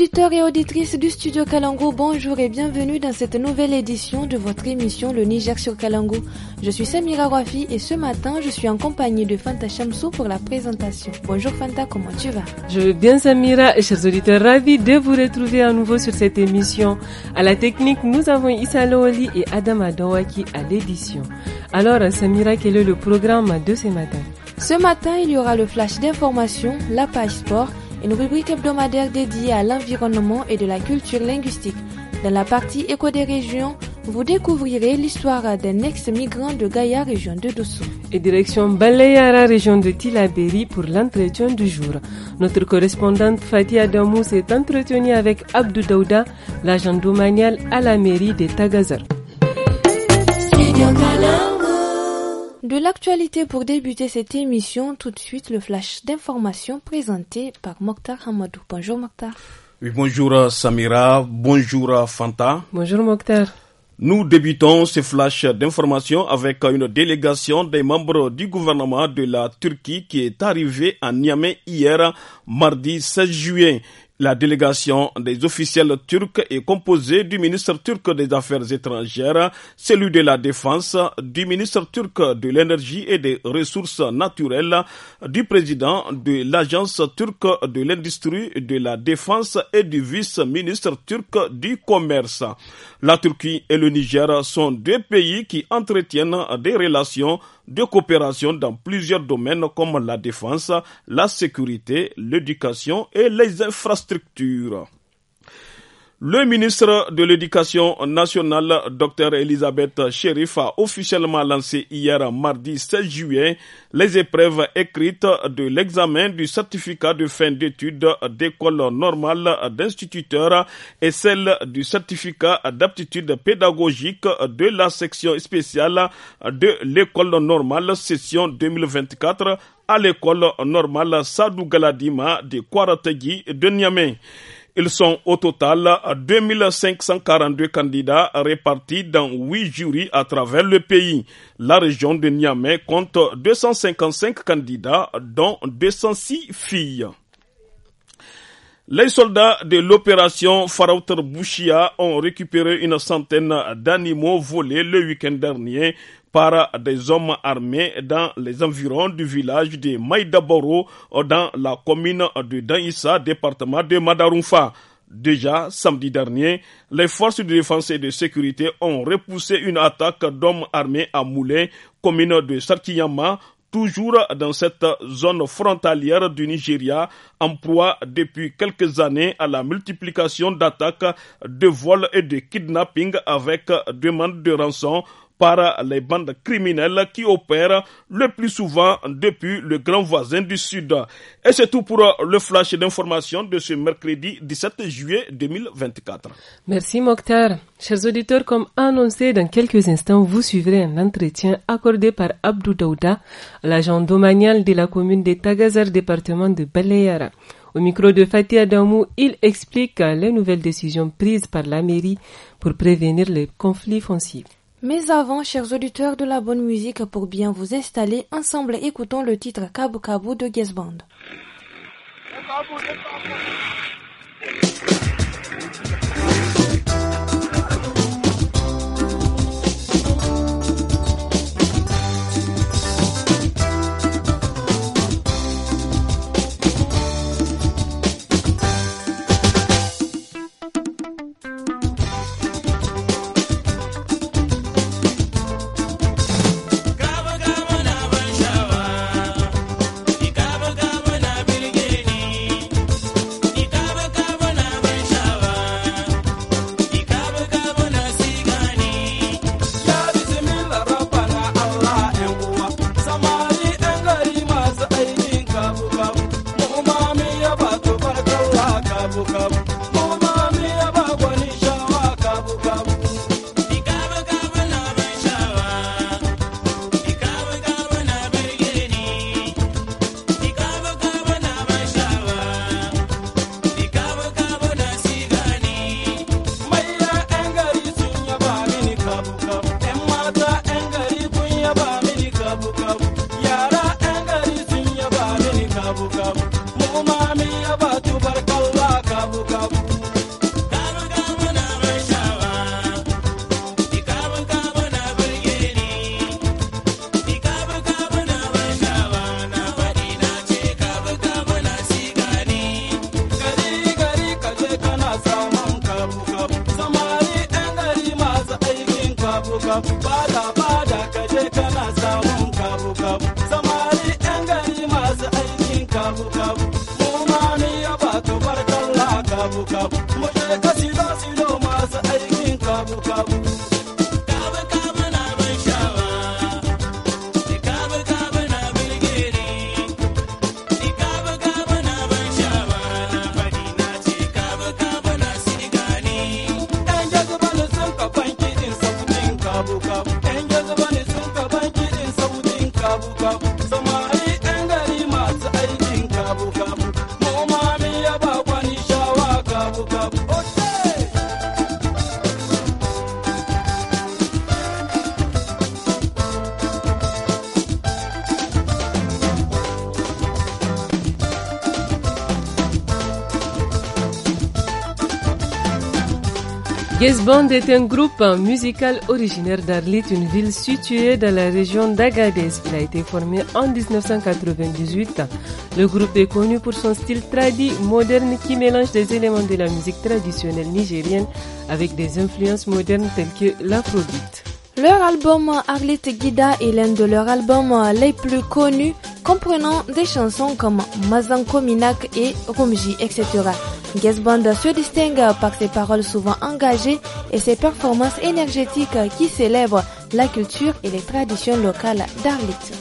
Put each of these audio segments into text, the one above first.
Auditeurs et auditrices du studio Kalango, bonjour et bienvenue dans cette nouvelle édition de votre émission Le Niger sur Kalango. Je suis Samira Wafi et ce matin, je suis en compagnie de Fanta Shamsou pour la présentation. Bonjour Fanta, comment tu vas Je vais bien Samira et chers auditeurs, ravi de vous retrouver à nouveau sur cette émission. À la technique, nous avons Issa Looli et Adam Adowaki à l'édition. Alors Samira, quel est le programme de ce matin Ce matin, il y aura le flash d'information, la page sport, une rubrique hebdomadaire dédiée à l'environnement et de la culture linguistique. Dans la partie éco des régions, vous découvrirez l'histoire d'un ex-migrant de Gaïa, région de Dosso. Et direction Balayara, région de Tilaberi, pour l'entretien du jour. Notre correspondante Fatia Damou s'est entretenue avec Abdou Daouda, l'agent domanial à la mairie de Tagazar. De l'actualité pour débuter cette émission, tout de suite le flash d'information présenté par Mokhtar Hamadou. Bonjour Mokhtar. Oui, bonjour Samira, bonjour Fanta. Bonjour Mokhtar. Nous débutons ce flash d'information avec une délégation des membres du gouvernement de la Turquie qui est arrivée à Niamey hier, mardi 16 juillet. La délégation des officiels turcs est composée du ministre turc des Affaires étrangères, celui de la Défense, du ministre turc de l'Énergie et des Ressources naturelles, du président de l'Agence turque de l'Industrie, de la Défense et du vice-ministre turc du Commerce. La Turquie et le Niger sont deux pays qui entretiennent des relations de coopération dans plusieurs domaines comme la défense, la sécurité, l'éducation et les infrastructures. Le ministre de l'Éducation nationale, Dr. Elisabeth Sheriff, a officiellement lancé hier mardi 16 juillet les épreuves écrites de l'examen du certificat de fin d'études d'école normale d'instituteurs et celle du certificat d'aptitude pédagogique de la section spéciale de l'école normale session 2024 à l'école normale Sadou Galadima de Kwarategi de Niamey. Ils sont au total 2542 candidats répartis dans huit jurys à travers le pays. La région de Niamey compte 255 candidats, dont 206 filles. Les soldats de l'opération Farouter Bouchia ont récupéré une centaine d'animaux volés le week-end dernier par des hommes armés dans les environs du village de Maidaboro, dans la commune de Danissa, département de Madarumfa. Déjà, samedi dernier, les forces de défense et de sécurité ont repoussé une attaque d'hommes armés à Moulin, commune de Sarkiyama, toujours dans cette zone frontalière du Nigeria, en proie depuis quelques années à la multiplication d'attaques, de vols et de kidnappings avec demande de rançon par les bandes criminelles qui opèrent le plus souvent depuis le grand voisin du Sud. Et c'est tout pour le flash d'information de ce mercredi 17 juillet 2024. Merci Mokhtar. Chers auditeurs, comme annoncé dans quelques instants, vous suivrez un entretien accordé par Abdou Daouda, l'agent domanial de la commune de Tagazar, département de Baleyara. Au micro de Fatih Adamou, il explique les nouvelles décisions prises par la mairie pour prévenir les conflits fonciers. Mais avant, chers auditeurs de la bonne musique, pour bien vous installer, ensemble écoutons le titre Cabo Cabo de Guess Band. Bada, bada. Band est un groupe musical originaire d'Arlit, une ville située dans la région d'Agadez. Il a été formé en 1998. Le groupe est connu pour son style tradit moderne qui mélange des éléments de la musique traditionnelle nigérienne avec des influences modernes telles que l'afrobeat. Leur album Arlit Guida est l'un de leurs albums les plus connus, comprenant des chansons comme Mazankominak et Rumji, etc. Guest Band se distingue par ses paroles souvent engagées et ses performances énergétiques qui célèbrent la culture et les traditions locales d'Arlit.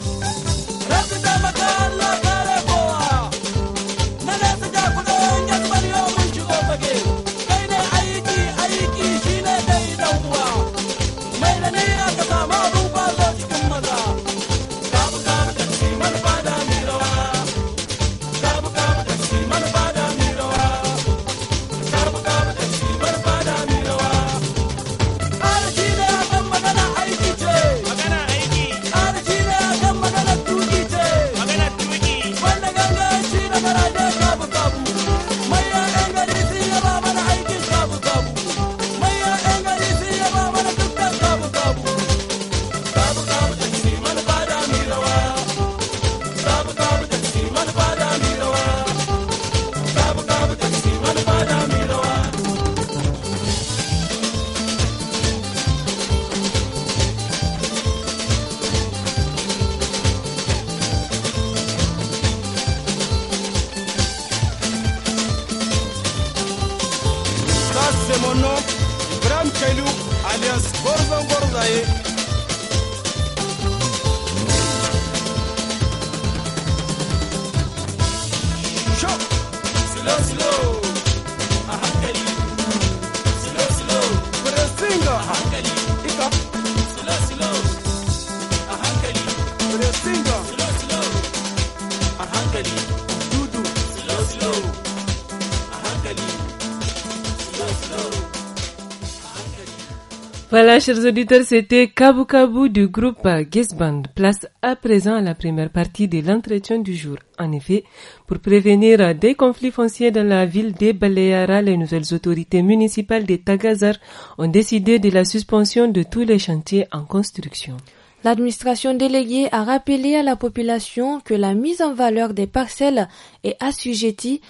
chers auditeurs, c'était Kabu Kabu du groupe Guess Place à présent à la première partie de l'entretien du jour. En effet, pour prévenir des conflits fonciers dans la ville des Baleara, les nouvelles autorités municipales de Tagazar ont décidé de la suspension de tous les chantiers en construction. L'administration déléguée a rappelé à la population que la mise en valeur des parcelles est assujettie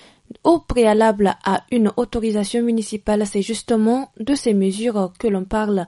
au préalable à une autorisation municipale, c'est justement de ces mesures que l'on parle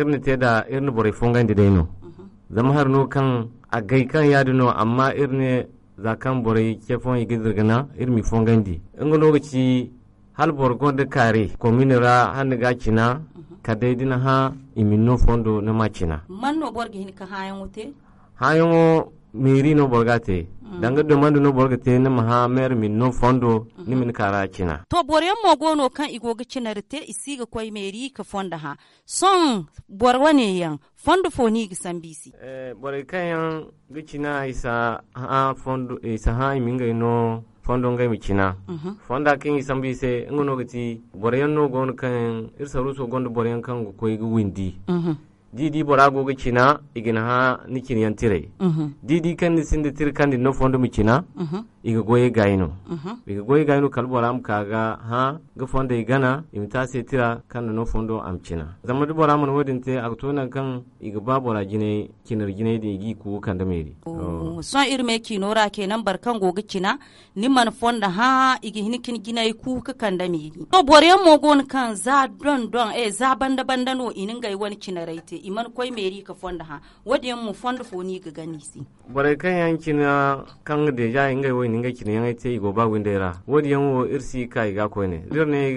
kirni te da irin bore fungan da daino mhm. zama har no kan a gai kan yadu no amma irin za kan bore ke fon yi gidirgana irin mi fungan di in lokaci hal borgo da kare kominira hannu ga kina mhm. ka daidina ha imino fondo na makina man no borgi hin ka hayan wute hayan wo meri no borgate danga do mandu no borga te ni maha mer min no fondo ni min kara kina to boryan mo gono kan igo ga kina rite isiga koy meri ka fonda ha son borwa ne yan fondo fo ni sambisi eh boray kan yan ga kina isa ha fondo isa ha min ga no fondo ga mi kina mhm. fonda kin isan bise ngono ti boryan no gono kan irsa ruso gondo boryan kan ko koy windi mhm. didi borago ga cina igin ha ni cin yan tire mm-hmm. didi kan ni sinde tir kan ni no fondo mi cina mm-hmm. iga goye gayno mhm. iga goye gayno kalbora am kaga ha ga fonda igana ta se tira kan no fondo am cina zama du bora mun wodin te aktonan kan iga babora jine kinar jine da igi ku kan da meri oh. son irme kinora kenan barkan goga cina man fonda ha igi gina yi ku ka kan da meri to bore mo gon kan za don don e za banda banda no inin gai wani cina raite iman koi meri ka fonda ha wodin mu fonda ni ga gani si bare kan yankina kan ya ja inga wani ninga kina yanga te da ba windera wodi yanwo irsi yi ga ko ne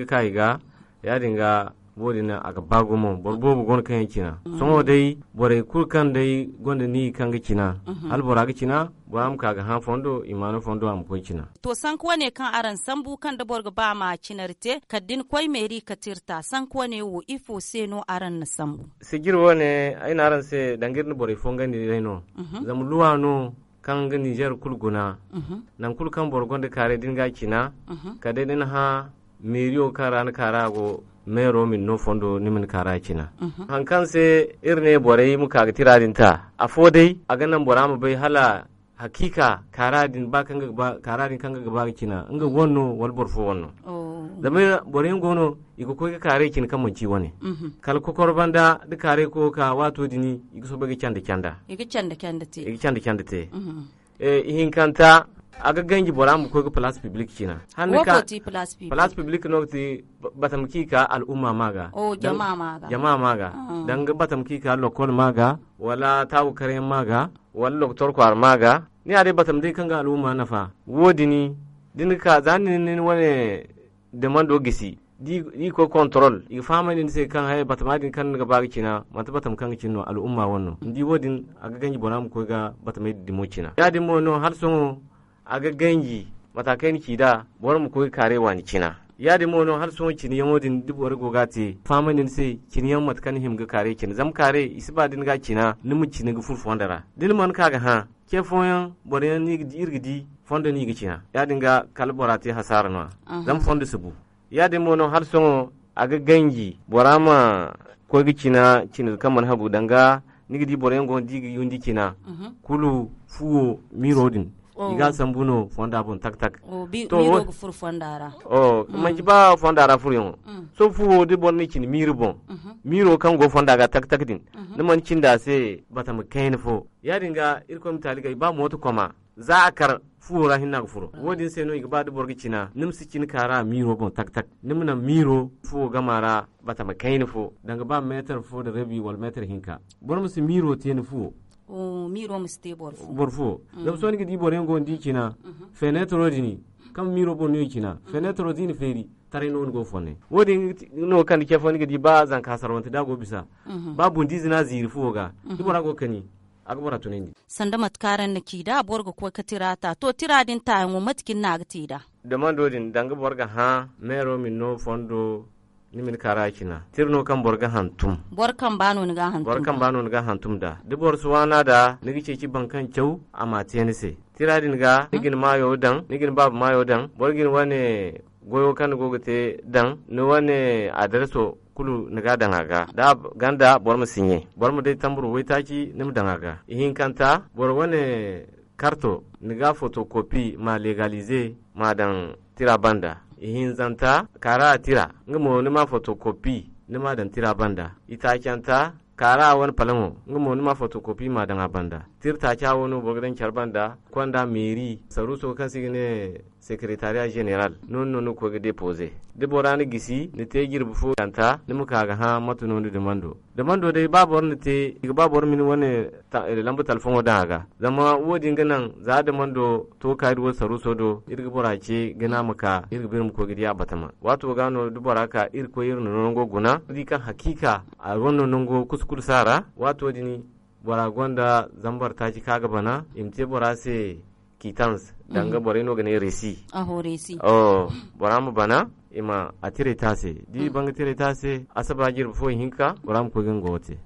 ka yi ga ya dinga bori na aga bago mo bor bobu gon kan kina songo dai bore kur kan dai gonda ni kan ga kina mhm. al bora ga kina bo am ka ga han fondo imano fondo am ko kina to san ko ne kan aran sambu kan da borga ba ma cinarte kaddin koi meri tirta san ko ne wo ifo seno aran na sambu sigir wone ai na aran se dangir ni bore fonga ni dai no mhm. luwano kan ga Nijar kulguna mhm. nan kulkan kan borgon da kare dinga kina ka dai din ha meriyo kan kara karago mero min no fondo nimin kara kina mhm. hankan se irne bore mu kaga tiradin ta afo dai a ganan bora mu bai hala hakika karadin ba kanga ba karadin kanga gaba kina ga wonno wal borfo wonno oh. da mai borin gono iko ko kare kin kan mun ci wani mhm. kal ko korbanda da kare ko ka wato dini iko so baga kyanda kyanda iko kyanda kyanda te iko kyanda kyanda te mhm. eh hinkanta aga gangi bora mu koga plus public kina hannu ka plus public place public no ti batam kika al umma maga o oh, jama' maga jama maga ah. dan ga batam kika lokol maga wala tawo kare maga wala doktor kwar maga ni are batam dai kanga al umma nafa ni. din ka zani ni wane demando gisi di ko control i fama ni se kan hay batam din kan ga ba kina mata batam kan no al umma wonno ndi wodin aga gangi bora mu koga batam di mo kina ya di mo no har sun a gangi matakai niki da bor mu koyi wa ni kina ya da mono har son kin yamo din dubwar goga te famanin sai kini yam matkan him ga kare kini zam kare isba din ga kina mu kini ga furfu wandara dil man kaga ha ke foyan bor yan ni irgidi fonda ni ga kina ya dinga kalbora te hasara na zam fondo subu ya da mono har son a ga gangi borama ko ga kina kin kaman habu danga nigidi bor yan go digi yundi kina kulu fuwo mirodin Oh. iga sambuno fonda bun tak tak o oh, bi fur fondara o oh, mm. manji ba fondara fur yon mm. so fu wo de bon ni cin miro bon mm-hmm. miro kan go fonda ga tak tak din mm-hmm. ni man cin da se bata mu kain fo ya dinga kom taliga ba motu koma za a kar fura hinna na furo wodin sai no igba da borgi cina nimsi cin kara miro bon tak tak na miro fu gamara bata mu kain fo danga ba meter fo de rebi wal meter hinka mu si miro tiyen fu miro miste borfo mm. borfo da so ni gidi borengo ndi kina mm-hmm. fenetro dini kam miro bo ni kina mm-hmm. fenetro dini feri tare non go fone wodi no kan ke fone gidi ba zan kasar wanta da go bisa mm-hmm. ba bundi zina ziri foga ibora go kani agbara tunendi sanda matkaran na kida borga ko tirata to tiradin ta ngo matkin na gtida da man dodin danga borga ha mero min no fondo nimin karakina tirno kan borga hantum borkan bano ni ga hantum borkan bano ni ga hantum da dibor suwana da nigi ceci bankan cew amatenise tiradin ga nigin mayo dan nigin babu mayo dan borgin wane goyo kan gogote dan ni wane adreso kulu niga dangaga da ganda borma sinye borma dai tamburu waitaki nim dangaga ihin kanta bor wane karto niga fotokopi ma legalize ma dan tira banda ihinzanta kara tira nga mo nima fotokopi nima tira banda itakenta kara wani palamo nga mo nima fotokopi ma dan a banda tirta kyawun bogdan kyarbanda kwanda meri saruso kan ne secretariat general non nonu ko ga depose. de borani gisi ne te gir bu fo kanta ne mu kaga ha matu nonu de mando de mando de babor ne te ga babor min woni ta eh, lambu telefono daga zama wodi ganan za de mando to kai do saruso do irga borace gana maka irga birnin ko a batama wato gano du boraka irin ko irin nono guna di kan hakika a ronno nongo kuskur sara wato dini bora gonda zambar taci kaga bana imte bora se kitans danga mm. bora ino gane resi aho resi oh bora mu bana ima atire tase di mm. banga tire tase asaba jir fo hinka bora mu kogin gote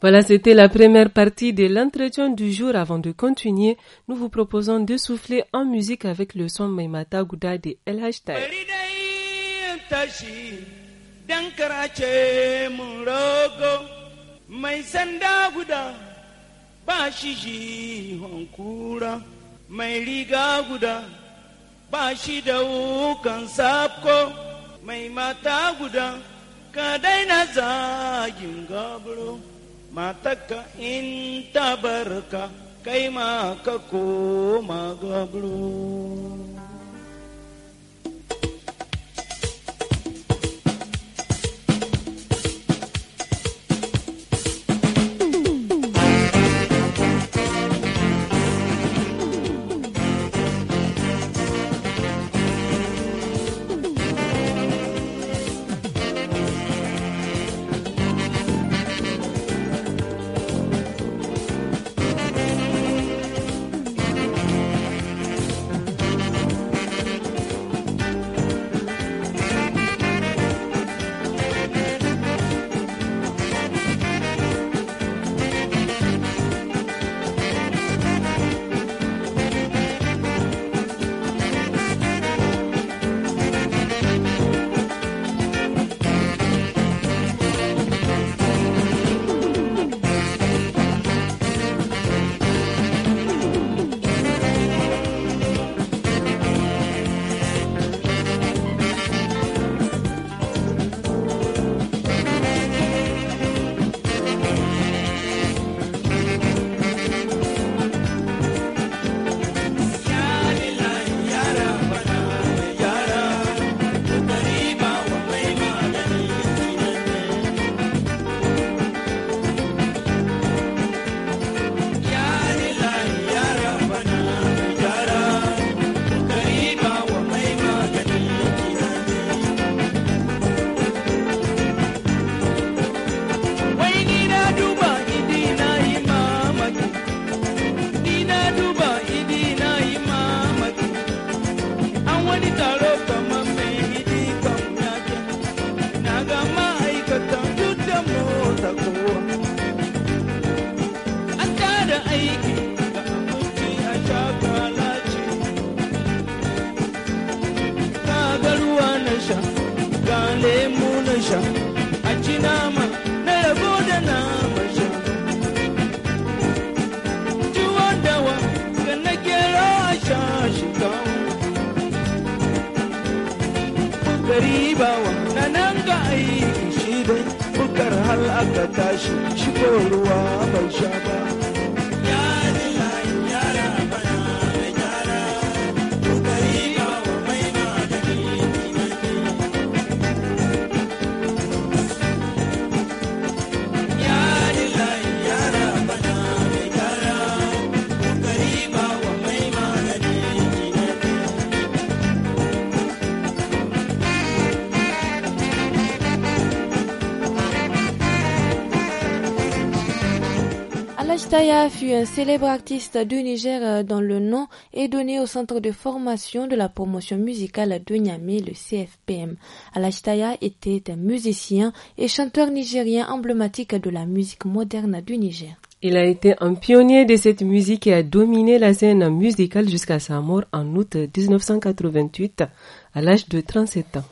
Voilà, c'était la première partie de l'entretien du jour. Avant de continuer, nous vous proposons de souffler en musique avec le son Maimata Gouda de El Hashtag. mai sanda guda ba shi jihon kura mai riga guda ba shi da wukan sabko mai mata guda ka daina zagin gabro matakka in tabarka kai ma ka koma gabro Chaya fut un célèbre artiste du Niger euh, dont le nom est donné au centre de formation de la promotion musicale de Niamey, le CFPM. Alachitaya était un musicien et chanteur nigérien emblématique de la musique moderne du Niger. Il a été un pionnier de cette musique et a dominé la scène musicale jusqu'à sa mort en août 1988 à l'âge de 37 ans.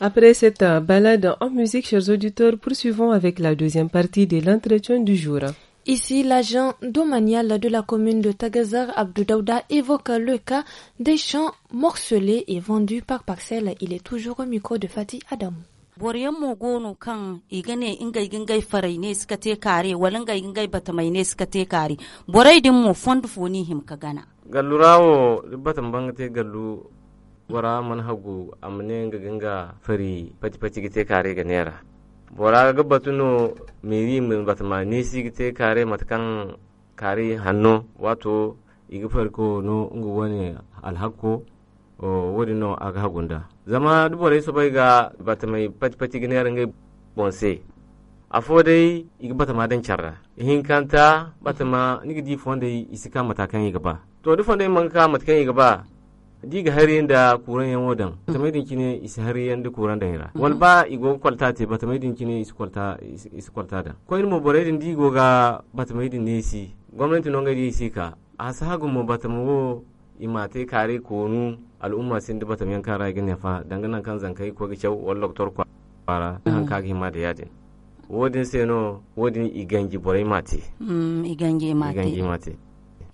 Après cette balade en musique, chers auditeurs, poursuivons avec la deuxième partie de l'entretien du jour. Ici, l'agent domanial de la commune de Tagazar, Abdou Daouda, évoque le cas des champs morcelés et vendus par parcelle. Il est toujours au micro de Fatih Adam. boriyan mu gonu kan igane ingai gingai farai ne suka te kare walangai gingai bata mai ne suka te kare borai din mu fondu foni him Kagana. gana gallurawo batan banga te gallu wara man hagu amne ga fari pati pati gite kare ga bora ga batuno miri min batma nisi gite kare matkan kare hanno wato igi farko no ngu wani alhakko o wodi no aga hagunda zama dubore so bai ga batma pati pati gine yaringa bonse afo dai igi batma dan charra hin kanta batma nigi di fonde isika matakan yi gaba to du fonde man matkan matakan yi diga har yanda kuran yan wadan mm. tamaidin kine isi har yanda kuran da hira mm. wal ba igo kwalta te ba tamaidin kine isi kwalta is kwalta da ko ilmo boredin digo ga ba din ne si gwamnati non ga si ka a sahagun mu ba tamawo imate kare konu al'umma sin da ta yankan kara gane fa danganan kan zankai ko ga cewa wal doktor kwara han mm. ka ma da yadin wodin seno wodin igangi bore mate igangi mate igangi mate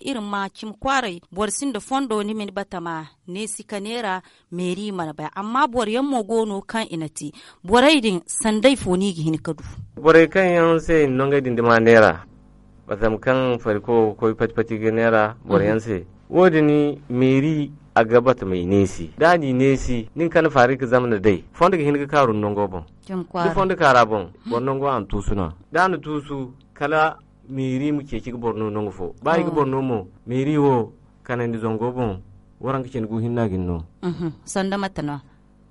irin ma kim kwarai borsin da fondo ni min bata ma ne ka nera meri mana bai amma bor yan mogono kan inati borai din sandai foni gihin kadu borai kan yan se nonga din dima nera bazam kan farko ko pati ga nera bor mhm. yan se wodi ni meri a gabat mai nesi dani nesi nin kan fari ka zama da dai fondo ga hini ga karun nongo bon kim kwarai fondo karabon bon nongo an tusuna dani tusu kala miri mu ke ki borno nongo fo bari mm. ga borno mo miri wo kanandi zongo bon waran ka cengu hinna ginno mm-hmm. sanda matano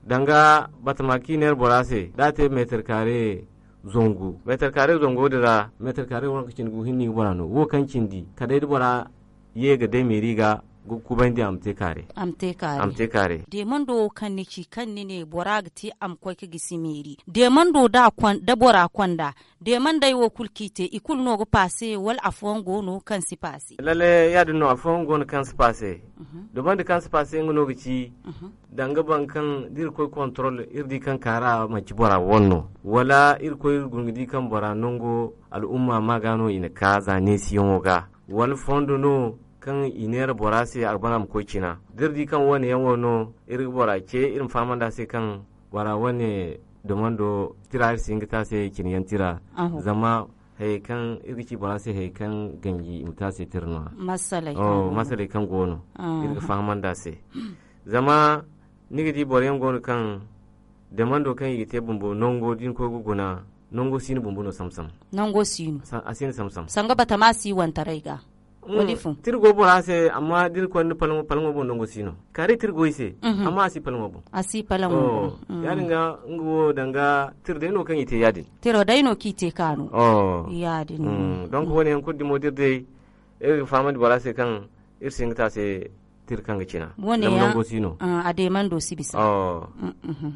danga batamaki ner borase date meter kare zongo meter kare zongo dira meter kare waran ka cengu hinni borano wo kan chindi kadai bora yega de miri ga gukuban am amte kare am kare am kare de mando ne ki kan ne borag ti am ko ki gisimiri de mando da kwan da bora kwanda de mandai wo kulkite ikul no go pase wal afongo no kan si pase lale ya no afongo no kan si pase mhm. do mando kan si pase ngono go ci mhm. danga ban kan dir ko control irdi kan kara ma ci bora wonno wala ir ko gungdi kan bora nongo al'umma magano ina kaza ne siyon ga wal fondo no kan inera borasi agbanam ko kina dirdi kan wani yan wono ir borake irin da sai kan wara wani domin do tirar singita se kiniyan tira zama haikan irki borasi sai haikan gangi imta sai tirnuwa masalai oh masalai kan gono ah. irki fahman da sai zama nigidi boryan gono kan da mando kan yi te bumbu nongo din ko guguna nongo sinu bumbu no samsam nongo sinu asini samsam sanga bata ma wanta raiga wadi hmm. fo tirgo bo hase amma dir ko ni palmo palmo bo ndongo sino kare tirgo ise mhm. amma asi palmo bo asi palmo oh, bo hmm. yadin ga ngo danga tir de no kan ite yadin tiro dai no kite kanu oh yadin hmm. donc woni en ko dimo dir de e famande bora se kan ir singta se tir kanga cina nam nongo sino uh, a de man do sibisa oh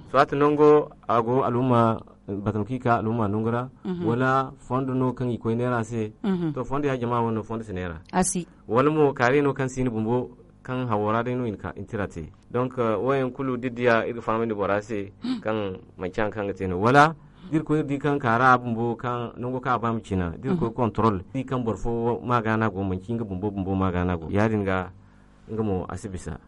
soit nongo ago aluma batam kika aluma nungura mm-hmm. wala fondo no kan koy nera se mm-hmm. to fondo ya jama wono fondo se nera asi wala mo kare no kan sini bumbo kan hawara de no inka intirate donc wayen uh, kulu didiya ir famani borase kan mancan kan teno wala dir ko di kan kara bumbo kan nongo ka bam cina dir ko mm-hmm. control di kan borfo magana go mancinga bumbo bumbo magana go yaringa ngamo asibisa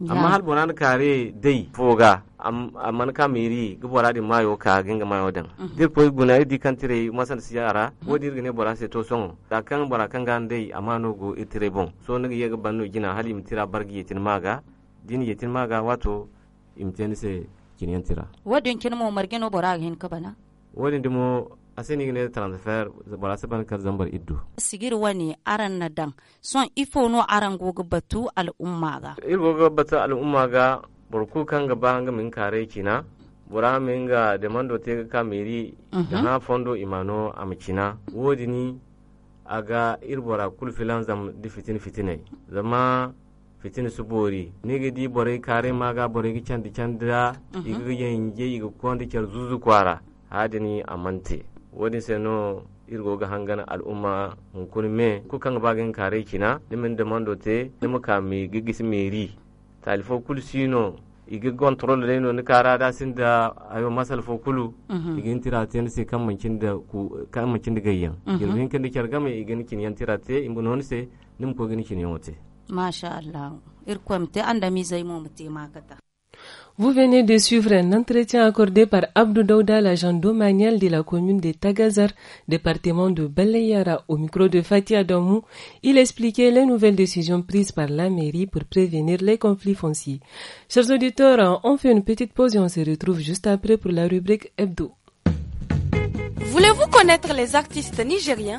yeah. amma hal bonan kare dai foga am, amman ka miri gbora di mayo ka ginga mayo dan mhm. dir poi guna di kantire masan siyara yara. -hmm. wodi bora se to songo da kan bora kan gan dai amano go itire e bon so ne yega banno gina halim tira bargi yetin maga din yetin maga wato imteni se kinyan tira wadin kinmo margino bora hin kabana wadin dimo transfer transfert se ban kar zambar iddu sigir wani aran na dan son ifo no aran goga batu umma ga ir goga batu umma ga burku kan gaba ga min kare kina bura min ga demando te ka meri da mhm. na fondo imano amkina wodi ni aga il bora kul filan zam di fitin fitine zama fitin su bori ni ga di bore kare ga bore ga candi candira iga yin je iga kondi kyar zuzu kwara hadini amante wani seno ga hangana al'umma hunkuni me ku kanga bagin kare kina da demando te Ni ka mi gigisi meri talifo kul sino igi control reno ni kara da sin da ayo masal fo kulu mhm. igi intira te ni se kan mancin da ku kan mancin da gayyan girmin mhm. kan da kyarga mai igi ni kin yan tira te imbu non se nim ko gini kin yote wote masha Allah irkwamte te anda mi zai mu mutemaka ta Vous venez de suivre un entretien accordé par Abdou Daouda, l'agent domanial de la commune de Tagazar, département de Balayara, au micro de Fatih Adamou. Il expliquait les nouvelles décisions prises par la mairie pour prévenir les conflits fonciers. Chers auditeurs, on fait une petite pause et on se retrouve juste après pour la rubrique Hebdo. Voulez-vous connaître les artistes nigériens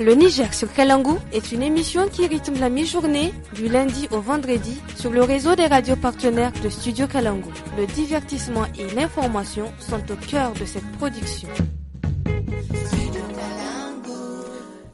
Le Niger sur Kalangou est une émission qui rythme la mi-journée du lundi au vendredi sur le réseau des radios partenaires de Studio Kalangou. Le divertissement et l'information sont au cœur de cette production.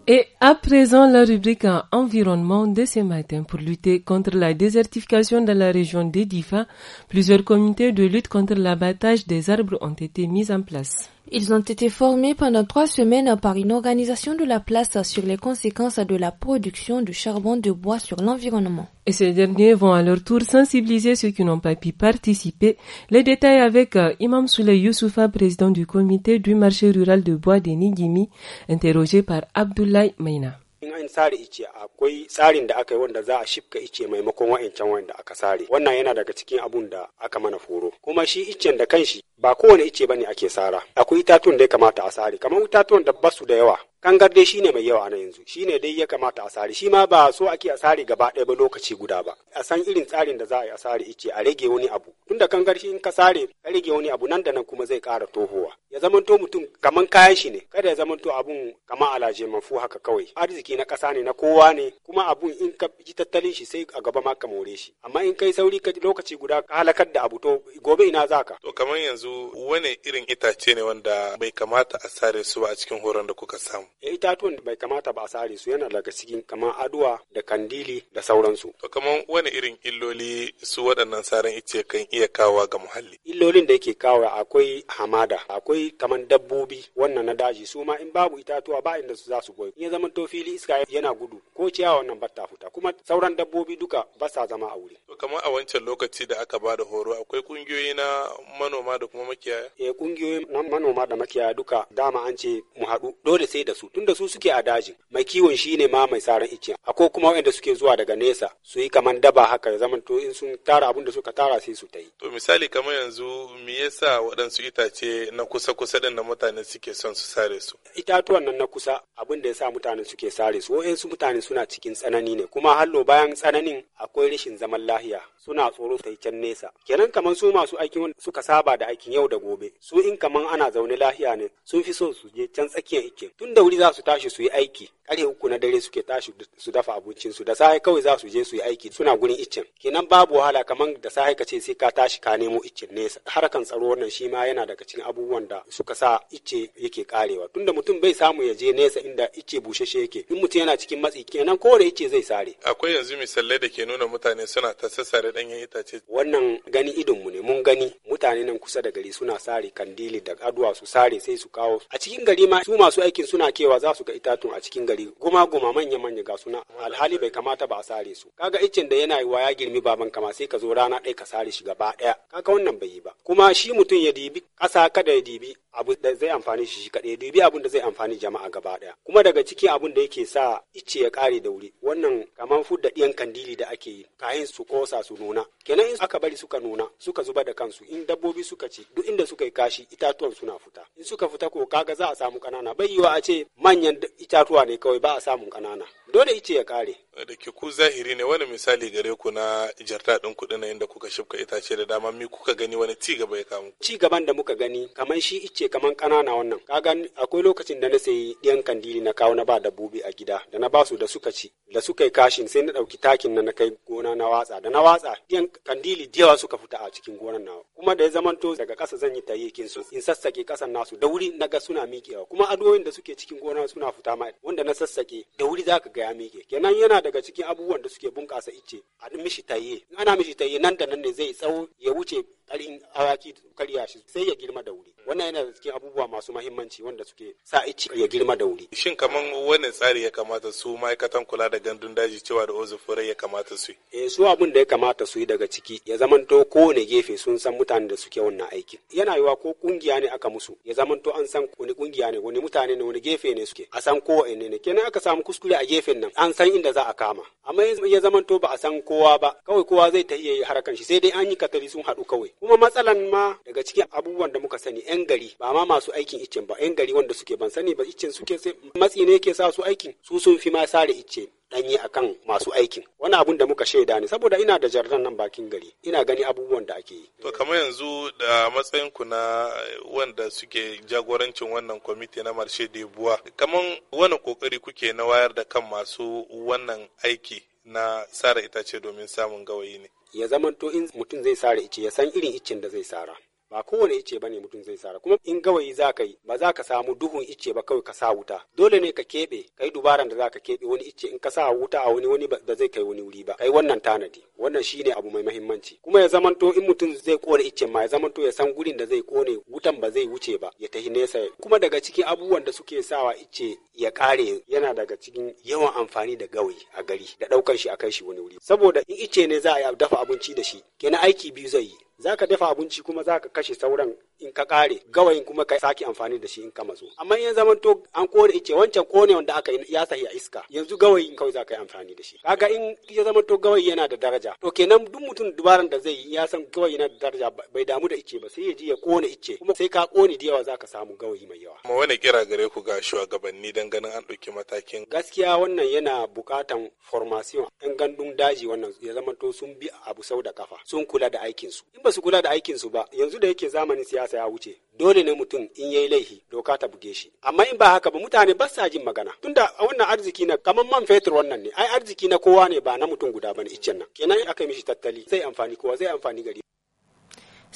Et à présent, la rubrique environnement de ce matin pour lutter contre la désertification dans la région d'Edifa, plusieurs comités de lutte contre l'abattage des arbres ont été mis en place. Ils ont été formés pendant trois semaines par une organisation de la place sur les conséquences de la production du charbon de bois sur l'environnement. Et ces derniers vont à leur tour sensibiliser ceux qui n'ont pas pu participer. Les détails avec euh, Imam Souley Youssoufa, président du comité du marché rural de bois des Nigimi, interrogé par Abdoulaye Maina. in an sare ice akwai tsarin da aka yi wanda za a shifka ice maimakon wa'ancan wanda aka sare wannan yana daga cikin abun da aka mana foro kuma shi icen da kanshi ba kowane ice bane ake sara akwai itatuwan da ya kamata a sare kamar itatuwan da basu da yawa kangar dai shine mai yawa na yanzu shine dai ya kamata a sare shi ma ba so ake a sare gaba ɗaya ba lokaci guda ba a san irin tsarin da za a yi a sare ice a rage wani abu tunda kangar shi in ka sare ka rage wani abu nan da nan kuma zai ƙara tohowa ya zamanto mutum kaman kayan shi ne kada ya zamanto abun kaman alaje mafu haka kawai arziki na ƙasa ne na kowa ne kuma abun in ka ji tattalin shi sai a gaba ma ka more shi amma in kai sauri ka lokaci guda ka halakar da abu to gobe ina za ka to kaman yanzu wani irin itace ne wanda bai kamata a sare su ba a cikin horon da kuka samu ya eh, itatuwan da bai kamata ba a sare su yana daga cikin kamar aduwa da kandili da sauransu. To kamar wani irin illoli su waɗannan saran ice kan iya kawo ga muhalli? Illolin da yake kawo akwai hamada, akwai kamar dabbobi wannan na daji su ma in babu itatuwa ba inda su za su goyi. Ya zama to fili iska yana gudu ko ciyawa wannan batta futa. kuma sauran dabbobi duka ba sa zama a wuri. To kamar a wancan lokaci da aka ba da horo akwai kungiyoyi na manoma da kuma makiyaya? Eh kungiyoyi manoma da makiyaya duka dama an ce mu haɗu dole sai da su su tunda su suke a dajin mai kiwon shi ne ma mai saran ikiya akwai kuma wanda suke zuwa daga nesa su yi kaman daba haka ya zama to in sun tara abin da suka tara sai su ta yi. To misali kamar yanzu me yasa waɗansu itace na kusa-kusa din da mutane suke son su sare su? Itatuwan nan na kusa abin da ya sa mutane suke sare su su mutane suna cikin tsanani ne kuma hallo bayan tsananin akwai rashin zaman lahiya suna tsoro ta can nesa. Kenan kamar su masu aikin suka saba da aikin yau da gobe su in kaman ana zaune lahiya ne sun fi so su je can tsakiyar ikin tunda wuri za su tashi su yi aiki ƙarfe uku na dare suke tashi su dafa abincinsu da safe kawai za su je su yi aiki suna gurin iccen kenan babu wahala kamar da safe ka ce sai ka tashi ka nemo iccen nesa harkan tsaro wannan shi ma yana daga cikin abubuwan da suka sa icce yake karewa tunda mutum bai samu ya je nesa inda icce bushashe yake in mutum yana cikin matsi kenan da icce zai sare akwai yanzu misalai da ke nuna mutane suna ta sassare danyen itace wannan gani idonmu ne mun gani mutane nan kusa da gari suna sare kandili da aduwa su sare sai su kawo a cikin gari ma su masu aikin suna kewa za su ga itatun a cikin gari guma guma manya manya ga suna alhali bai kamata ba a sare su kaga icin da yana yiwa ya girmi baban kama sai ka zo rana ɗaya ka sare shi gaba ɗaya kaga wannan bai yi ba kuma shi mutum ya dibi ƙasa kada ya dibi abu da zai amfani shi kaɗai ya dibi abun da zai amfani jama'a gaba ɗaya kuma daga ciki abun da yake sa icce ya kare da wuri wannan kamar fudda ɗiyan kandili da ake yi kayan su kosa su nuna kenan in aka bari suka nuna suka zuba da kansu in dabbobi suka ci duk inda suka yi kashi itatuwan suna fita in suka fita ko kaga za a samu ƙanana bai yiwa a ce manyan itatuwa ne kawai ba a samun ƙanana dole ice ya kare. Eh, da ke ku zahiri ne wani misali gare ku na jarta ɗin kuɗi na inda kuka shifka itace da dama mi kuka gani wani ci gaba ya kamu. Ci gaban da muka gani kamar shi ice kamar ƙanana wannan. ka gani akwai lokacin da na sayi ɗiyan kandili na kawo na ba bubi a gida da na basu da suka ci da suka yi kashin sai na ɗauki takin na na kai gona na watsa da na watsa ɗiyan kandili da yawa suka fita a cikin gonan nawa kuma da ya zamanto daga ƙasa zan yi tayyakin su in sassake ƙasan nasu da wuri na ga suna miƙewa kuma adoyin da suke cikin gonan suna fita ma wanda na sassake da wuri za ka ga ya mike kenan yana daga cikin abubuwan da suke bunƙasa ice a mishi taye ana mishi taye nan da nan ne zai tsawo ya wuce karin awaki karya shi sai ya girma da wuri wannan yana da cikin abubuwa masu mahimmanci wanda suke sa ici ya girma da wuri shin kaman wannan tsari ya kamata su ma'aikatan kula da gandun daji cewa da ozufurai ya kamata su eh su abin da ya kamata su yi daga ciki ya zamanto ne gefe sun san mutanen da suke wannan aikin yana yiwa ko kungiya ne aka musu ya zamanto an san wani kungiya ne wani mutane ne wani gefe ne suke a san kowa ne ne kenan aka samu kuskure a gefen nan an san inda za a kama amma ya zamanto ba a san kowa ba kawai kowa zai ta iya yi harakan shi sai dai an yi katari sun haɗu kawai kuma matsalan ma daga cikin abubuwan da muka sani yan gari ba ma masu aikin icen ba yan gari wanda suke ban sani ba icen suke sai matsi ne yake sa su aikin su sun fi ma sare icce danyi akan masu aikin wani abun da muka shaida ne saboda ina da jardan nan bakin gari ina gani abubuwan da ake yi to kamar yanzu da matsayin ku na wanda suke jagorancin wannan kwamiti na marshe da buwa kamar wani kokari kuke na wayar da kan masu wannan aiki na sare itace domin samun gawayi ne ya zamanto in mutum zai sare ice ya san irin icin da zai sara ba kowane ice bane mutum zai sara kuma in gawayi za ka yi ba za ka samu duhun ice ba kawai ka sa wuta dole ne ka keɓe ka yi dubaran da za ka keɓe wani ice in ka sa wuta a wani wani ba zai kai wani wuri ba kai wannan tanadi wannan shine abu mai mahimmanci kuma ya zamanto in mutum zai kone ice ma ya zamanto ya san gurin da zai kone wutan ba zai wuce ba ya tahi nesa kuma daga cikin abubuwan da suke sawa ice ya kare yana daga cikin yawan amfani da gawayi a gari da ɗaukar shi a kai shi wani wuri saboda in ice ne za a dafa abinci da shi kenan aiki biyu zai yi za ka dafa abinci kuma za ka kashe sauran in ka kare gawayin kuma ka saki amfani da shi in ka mazo amma in zaman to an kone ice wancan kone wanda aka ya sahi a iska yanzu gawayin kawai za ka yi amfani da shi kaga in ya zamanto to gawayi yana da daraja to kenan duk mutum dubaran da zai yi ya san gawayi yana da daraja bai damu da ice ba sai ya ji ya kone ice kuma sai ka kone da yawa za ka samu gawayi mai yawa amma wani kira gare ku ga shugabanni dan ganin an ɗauki matakin gaskiya wannan yana bukatan formation dan gandun daji wannan ya zama to sun bi abu sau da kafa sun kula da aikinsu in ba su kula da aikin su ba yanzu da yake zamanin siyasa sa ya wuce dole ne mutum in yayi laifi doka ta buge shi amma in ba haka ba mutane ba sa jin magana tunda wannan arziki na kaman man fetur wannan ne ai arziki na kowa ne ba na mutum guda bane iccen nan kenan aka mishi tattali zai amfani kowa zai amfani gari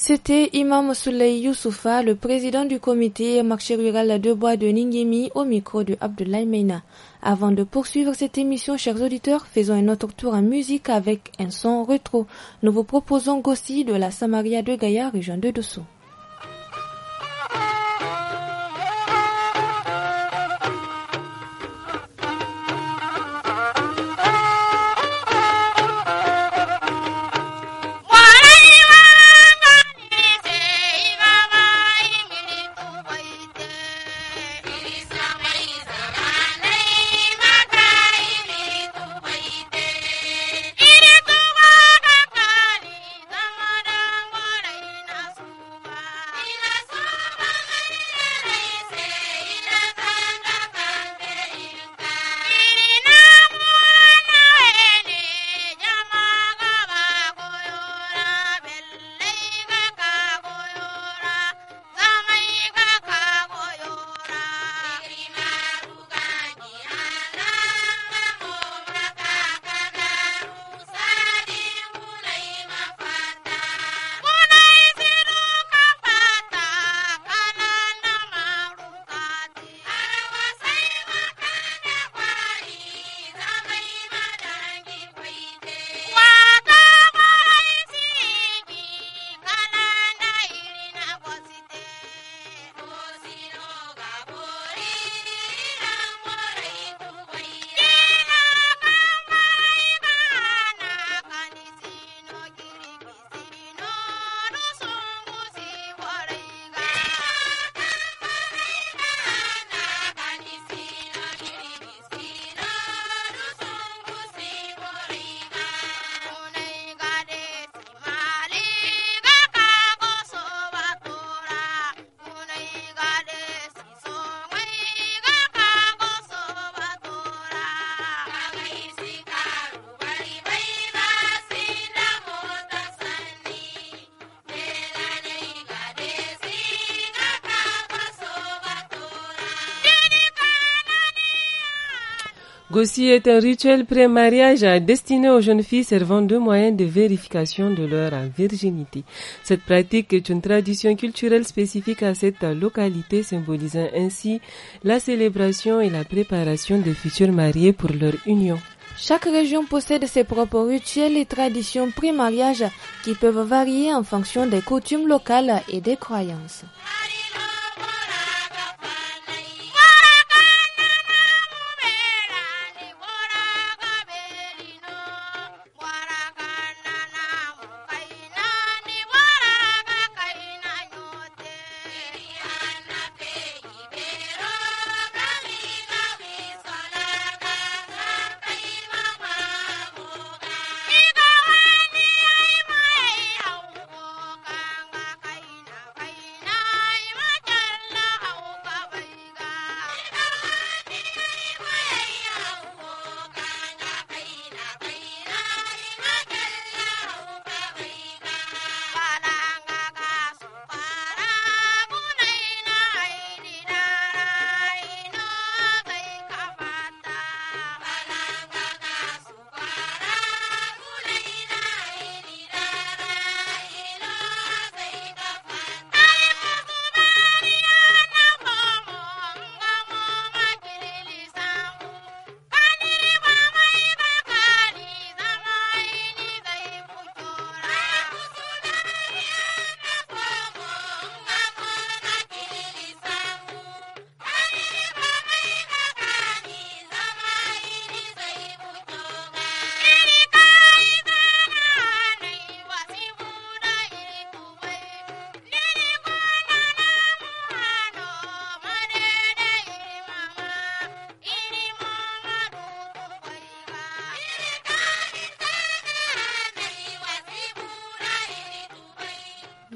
C'était Imam Souley Youssoufa, le président du comité marché rural de bois de Ningemi, au micro de Abdoulaye Meina. Avant de poursuivre cette émission, chers auditeurs, faisons un autre tour en musique avec un son rétro. Nous vous proposons Gossi de la Samaria de Gaillard, région de Dessous. Ceci est un rituel pré-mariage destiné aux jeunes filles servant de moyen de vérification de leur virginité. Cette pratique est une tradition culturelle spécifique à cette localité, symbolisant ainsi la célébration et la préparation des futurs mariés pour leur union. Chaque région possède ses propres rituels et traditions pré-mariage qui peuvent varier en fonction des coutumes locales et des croyances.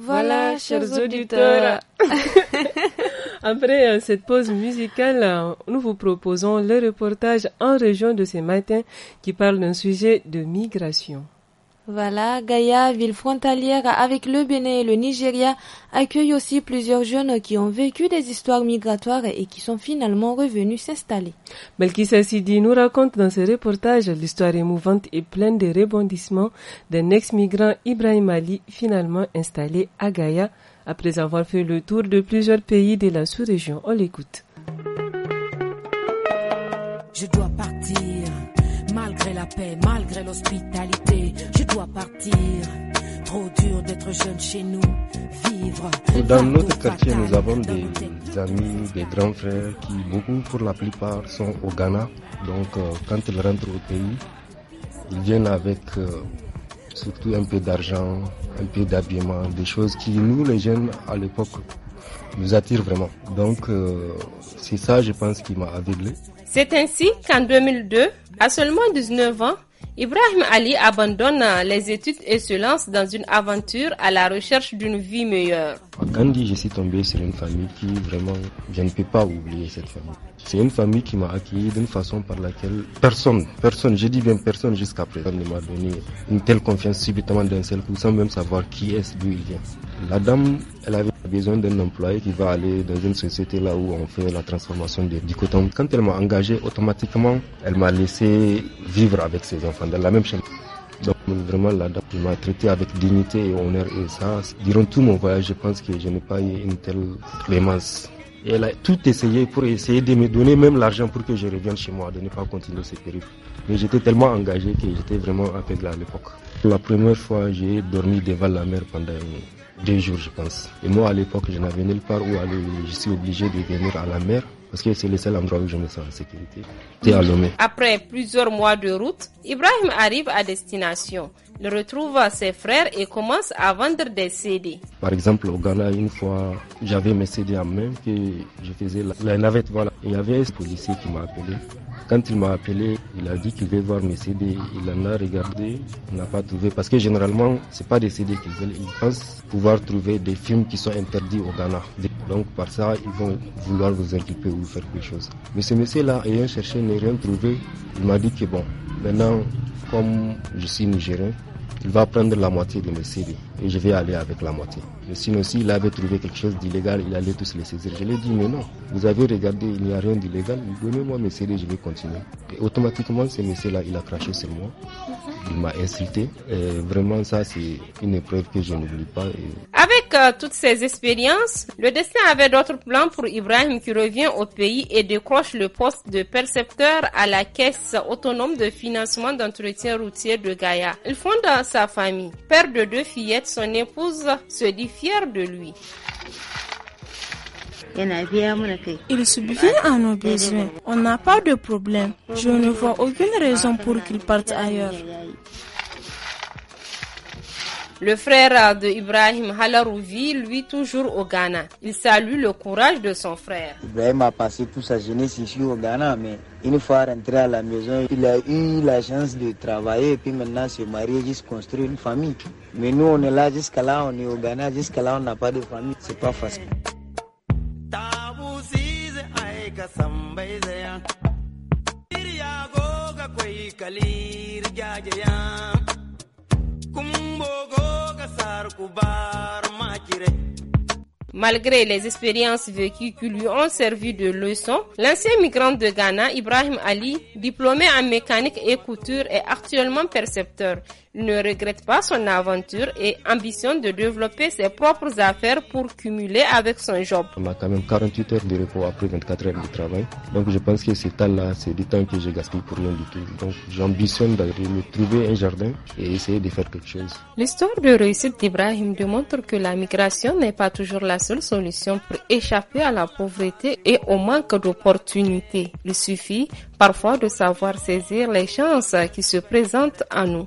Voilà, chers auditeurs. Après euh, cette pause musicale, euh, nous vous proposons le reportage en région de ce matin qui parle d'un sujet de migration. Voilà, Gaïa, ville frontalière avec le Bénin et le Nigeria, accueille aussi plusieurs jeunes qui ont vécu des histoires migratoires et qui sont finalement revenus s'installer. Belkis Assidi nous raconte dans ce reportage l'histoire émouvante et pleine de rebondissements d'un ex-migrant Ibrahim Ali finalement installé à Gaïa après avoir fait le tour de plusieurs pays de la sous-région. On l'écoute. Je dois malgré l'hospitalité. Je dois partir. Trop dur d'être jeune chez nous. Vivre. Dans notre quartier, nous avons des, amis, des grands frères qui, beaucoup pour la plupart, sont au Ghana. Donc, euh, quand ils rentrent au pays, ils viennent avec euh, surtout un peu d'argent, un peu d'habillement, des choses qui, nous, les jeunes, à l'époque, nous attire vraiment. Donc euh, c'est ça, je pense, qui m'a aveuglé. C'est ainsi qu'en 2002, à seulement 19 ans, Ibrahim Ali abandonne les études et se lance dans une aventure à la recherche d'une vie meilleure. À Gandhi, je suis tombé sur une famille qui vraiment, je ne peux pas oublier cette famille. C'est une famille qui m'a accueilli d'une façon par laquelle personne, personne, je dis bien personne jusqu'à présent ne m'a donné une telle confiance subitement d'un seul coup sans même savoir qui est, d'où il vient. La dame, elle avait besoin d'un employé qui va aller dans une société là où on fait la transformation du coton. Quand elle m'a engagé, automatiquement, elle m'a laissé vivre avec ses enfants dans la même chambre. Donc vraiment la dame m'a traité avec dignité et honneur et ça, durant tout mon voyage, je pense que je n'ai pas eu une telle clémence. Elle a tout essayé pour essayer de me donner même l'argent pour que je revienne chez moi, de ne pas continuer ce périple. Mais j'étais tellement engagé que j'étais vraiment là à l'époque. La première fois, j'ai dormi devant la mer pendant deux jours, je pense. Et moi, à l'époque, je n'avais nulle part où aller. Je suis obligé de venir à la mer parce que c'est le seul endroit où je me sens en sécurité. C'est Après plusieurs mois de route, Ibrahim arrive à destination. Il retrouve ses frères et commence à vendre des CD. Par exemple, au Ghana, une fois, j'avais mes CD en main que je faisais la, navette, voilà. Il y avait un policier qui m'a appelé quand il m'a appelé, il a dit qu'il veut voir mes CD. Il en a regardé, il n'a pas trouvé. Parce que généralement, ce c'est pas des CD qu'ils veulent. Ils pensent pouvoir trouver des films qui sont interdits au Ghana. Donc par ça, ils vont vouloir vous inculper ou faire quelque chose. Mais ce monsieur-là, ayant cherché, n'a rien trouvé. Il m'a dit que bon, maintenant, comme je suis nigérien, il va prendre la moitié de mes CD et je vais aller avec la moitié. Sinon, sinon, il avait trouvé quelque chose d'illégal, il allait tous les saisir. Je lui ai dit, mais non, vous avez regardé, il n'y a rien d'illégal, donnez-moi mes CD, je vais continuer. Et automatiquement, ces monsieur-là, il a craché sur moi. Il m'a insulté. vraiment, ça, c'est une épreuve que je n'oublie pas. Avec euh, toutes ces expériences, le destin avait d'autres plans pour Ibrahim qui revient au pays et décroche le poste de percepteur à la caisse autonome de financement d'entretien routier de Gaïa. Il fonde euh, sa famille, père de deux fillettes son épouse se dit fière de lui. Il subvient à nos besoins. On n'a pas de problème. Je ne vois aucune raison pour qu'il parte ailleurs. Le frère de Ibrahim Halarouvi, lui toujours au Ghana. Il salue le courage de son frère. Ibrahim a passé toute sa jeunesse ici au Ghana, mais une fois rentré à la maison, il a eu la chance de travailler et puis maintenant se marier, juste construire une famille. Mais nous, on est là jusqu'à là, on est au Ghana, jusqu'à là, on n'a pas de famille. C'est pas facile. Malgré les expériences vécues qui lui ont servi de leçon, l'ancien migrant de Ghana, Ibrahim Ali, diplômé en mécanique et couture, est actuellement percepteur ne regrette pas son aventure et ambitionne de développer ses propres affaires pour cumuler avec son job. On a quand même 48 heures de repos après 24 heures de travail. Donc je pense que ce temps-là, c'est du temps que j'ai gaspillé pour rien du tout. Donc j'ambitionne d'aller me trouver un jardin et essayer de faire quelque chose. L'histoire de réussite d'Ibrahim démontre que la migration n'est pas toujours la seule solution pour échapper à la pauvreté et au manque d'opportunités. Il suffit parfois de savoir saisir les chances qui se présentent à nous.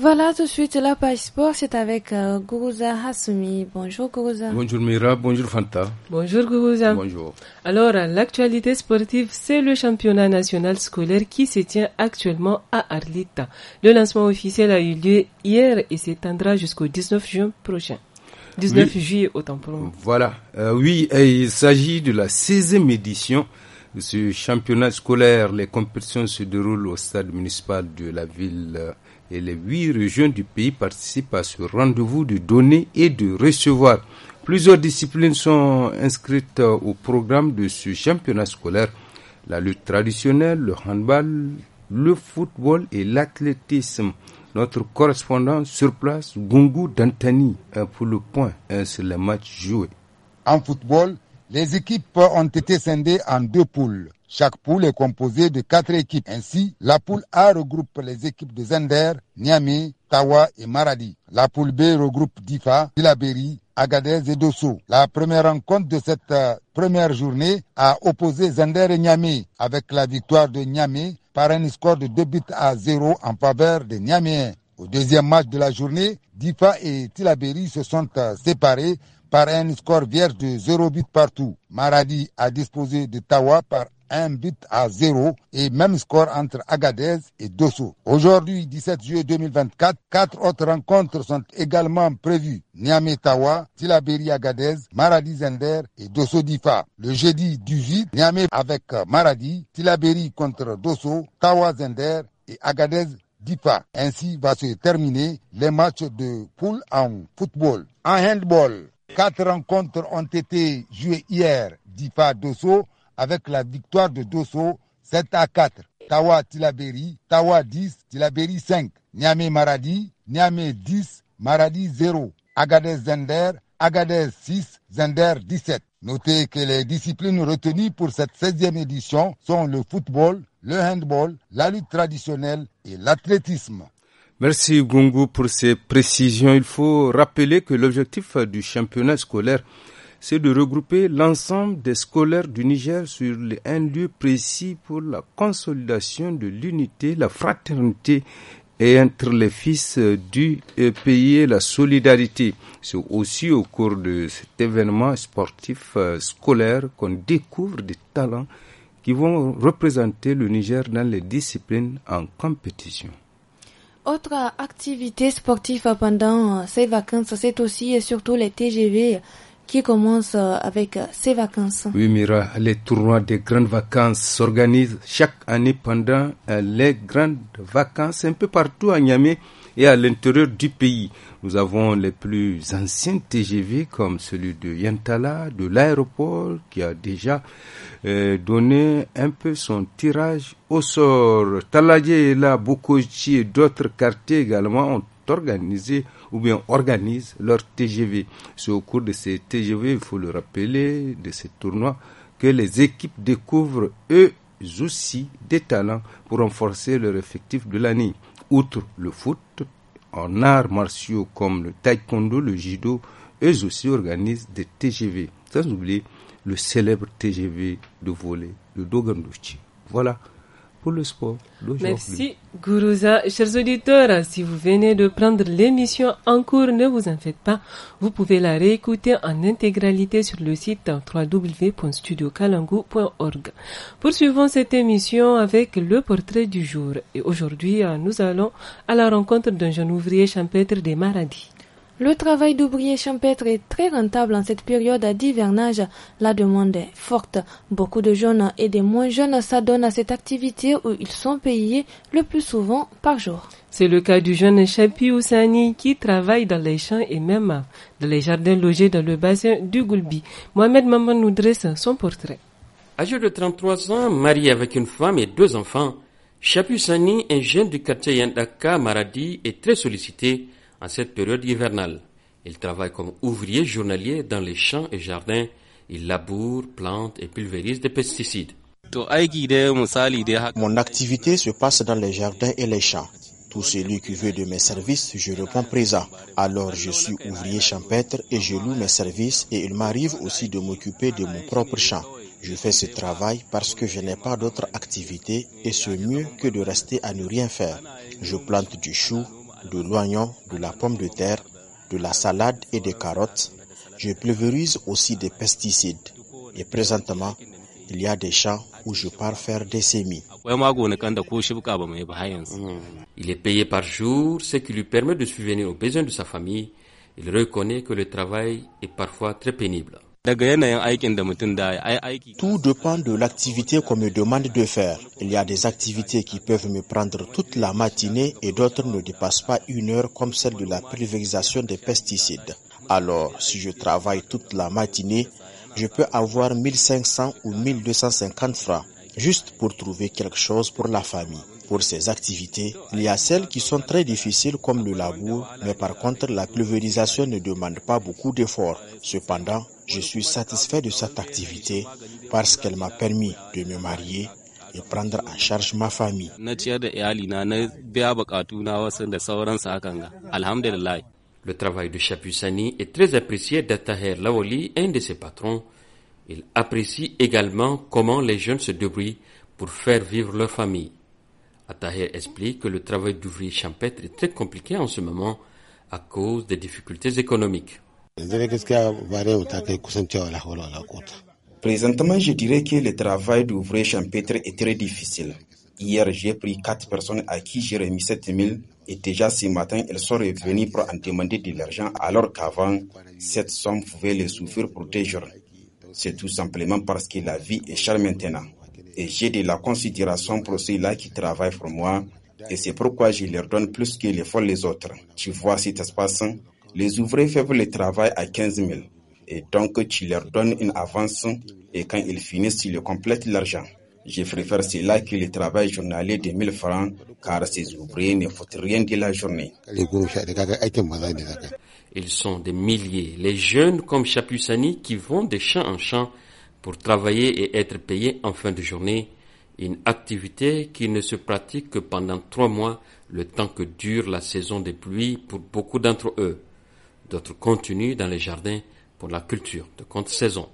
Voilà, tout de suite, la page sport, c'est avec euh, Hasumi. Bonjour Guruza. Bonjour Mira, bonjour Fanta. Bonjour Guruza. Bonjour. Alors, l'actualité sportive, c'est le championnat national scolaire qui se tient actuellement à Arlita. Le lancement officiel a eu lieu hier et s'étendra jusqu'au 19 juin prochain. 19 juillet, autant pour Voilà. Euh, oui, il s'agit de la 16e édition de ce championnat scolaire. Les compétitions se déroulent au stade municipal de la ville. Euh, et les huit régions du pays participent à ce rendez-vous de donner et de recevoir. Plusieurs disciplines sont inscrites au programme de ce championnat scolaire. La lutte traditionnelle, le handball, le football et l'athlétisme. Notre correspondant sur place, Gungu Dantani, pour le point sur les matchs joués. En football, les équipes ont été scindées en deux poules. Chaque poule est composée de quatre équipes. Ainsi, la poule A regroupe les équipes de Zender, Niamey, Tawa et Maradi. La poule B regroupe Difa, Tilaberi, Agadez et Dosso. La première rencontre de cette euh, première journée a opposé Zender et Niamey avec la victoire de Niamey par un score de 2 buts à 0 en faveur de Niamey. Au deuxième match de la journée, Difa et Tilaberi se sont euh, séparés par un score vierge de 0 but partout. Maradi a disposé de Tawa par un but à zéro et même score entre Agadez et Dosso. Aujourd'hui, 17 juillet 2024, quatre autres rencontres sont également prévues. Niamey-Tawa, Tilaberi-Agadez, Maradi-Zender et Dosso-Difa. Le jeudi du 18, Niamey avec Maradi, Tilaberi contre Dosso, Tawa-Zender et Agadez-Difa. Ainsi va se terminer les matchs de poule en football. En handball, quatre rencontres ont été jouées hier. Difa-Dosso, avec la victoire de Dosso 7 à 4. Tawa Tilaberi, Tawa 10, Tilaberi 5. Niamey Maradi, Niamey 10, Maradi 0. Agadez Zender, Agadez 6, Zender 17. Notez que les disciplines retenues pour cette 16e édition sont le football, le handball, la lutte traditionnelle et l'athlétisme. Merci Gungu pour ces précisions. Il faut rappeler que l'objectif du championnat scolaire c'est de regrouper l'ensemble des scolaires du Niger sur un lieu précis pour la consolidation de l'unité, la fraternité et entre les fils du euh, pays et la solidarité. C'est aussi au cours de cet événement sportif euh, scolaire qu'on découvre des talents qui vont représenter le Niger dans les disciplines en compétition. Autre activité sportive pendant ces vacances, c'est aussi et surtout les TGV qui commence euh, avec ses euh, vacances. Oui, Mira, les tournois des grandes vacances s'organisent chaque année pendant euh, les grandes vacances un peu partout à Niamey et à l'intérieur du pays. Nous avons les plus anciens TGV comme celui de Yantala, de l'aéroport, qui a déjà donné un peu son tirage au sort. Taladje et la Bokochi et d'autres quartiers également ont organisé ou bien organisent leur TGV. C'est au cours de ces TGV, il faut le rappeler, de ces tournois, que les équipes découvrent eux aussi des talents pour renforcer leur effectif de l'année. Outre le foot, en arts martiaux comme le taekwondo, le judo, eux aussi organisent des TGV. Sans oublier le célèbre TGV de volet le Doganduchi. Voilà pour le sport Merci, Gourouza. Chers auditeurs, si vous venez de prendre l'émission en cours, ne vous en faites pas. Vous pouvez la réécouter en intégralité sur le site www.studiocalango.org. Poursuivons cette émission avec le portrait du jour. Et aujourd'hui, euh, nous allons à la rencontre d'un jeune ouvrier champêtre des Maradis. Le travail d'ouvrier champêtre est très rentable en cette période d'hivernage. La demande est forte. Beaucoup de jeunes et des moins jeunes s'adonnent à cette activité où ils sont payés le plus souvent par jour. C'est le cas du jeune Chapi Oussani qui travaille dans les champs et même dans les jardins logés dans le bassin du Goulbi. Mohamed Maman nous dresse son portrait. Âgé de 33 ans, marié avec une femme et deux enfants, Chapi Oussani, un jeune du quartier Yandaka, Maradi, est très sollicité en cette période hivernale. Il travaille comme ouvrier journalier dans les champs et jardins. Il laboure, plante et pulvérise des pesticides. Mon activité se passe dans les jardins et les champs. Tout celui qui veut de mes services, je réponds présent. Alors je suis ouvrier champêtre et je loue mes services et il m'arrive aussi de m'occuper de mon propre champ. Je fais ce travail parce que je n'ai pas d'autre activité et c'est mieux que de rester à ne rien faire. Je plante du chou, de l'oignon, de la pomme de terre, de la salade et des carottes. Je pulvérise aussi des pesticides. Et présentement, il y a des champs où je pars faire des semis. Hein. Il est payé par jour, ce qui lui permet de subvenir aux besoins de sa famille. Il reconnaît que le travail est parfois très pénible. Tout dépend de l'activité qu'on me demande de faire. Il y a des activités qui peuvent me prendre toute la matinée et d'autres ne dépassent pas une heure comme celle de la pulvérisation des pesticides. Alors, si je travaille toute la matinée, je peux avoir 1500 ou 1250 francs juste pour trouver quelque chose pour la famille. Pour ces activités, il y a celles qui sont très difficiles comme le labour, mais par contre la pulvérisation ne demande pas beaucoup d'efforts. Cependant, je suis satisfait de cette activité parce qu'elle m'a permis de me marier et prendre en charge ma famille. Le travail de Chapusani est très apprécié d'Ataher Lawoli, un de ses patrons. Il apprécie également comment les jeunes se débrouillent pour faire vivre leur famille. Ataher explique que le travail d'ouvrier champêtre est très compliqué en ce moment à cause des difficultés économiques. Présentement, je dirais que le travail d'ouvrier champêtre est très difficile. Hier, j'ai pris quatre personnes à qui j'ai remis 7000 et déjà ce matin, elles sont revenues pour en demander de l'argent alors qu'avant, cette somme pouvait les souffrir pour des jours. C'est tout simplement parce que la vie est chère maintenant. Et j'ai de la considération pour ceux-là qui travaillent pour moi et c'est pourquoi je leur donne plus que les les autres. Tu vois cet espace, les ouvriers font le travail à 15 000. Et donc, tu leur donnes une avance et quand ils finissent, ils complètent l'argent. Je préfère cela que le travail journalier de 1000 francs, car ces ouvriers ne font rien de la journée. Ils sont des milliers, les jeunes comme Chapusani qui vont de champ en champ pour travailler et être payés en fin de journée, une activité qui ne se pratique que pendant trois mois, le temps que dure la saison des pluies pour beaucoup d'entre eux d'autres contenus dans les jardins pour la culture de contre saison.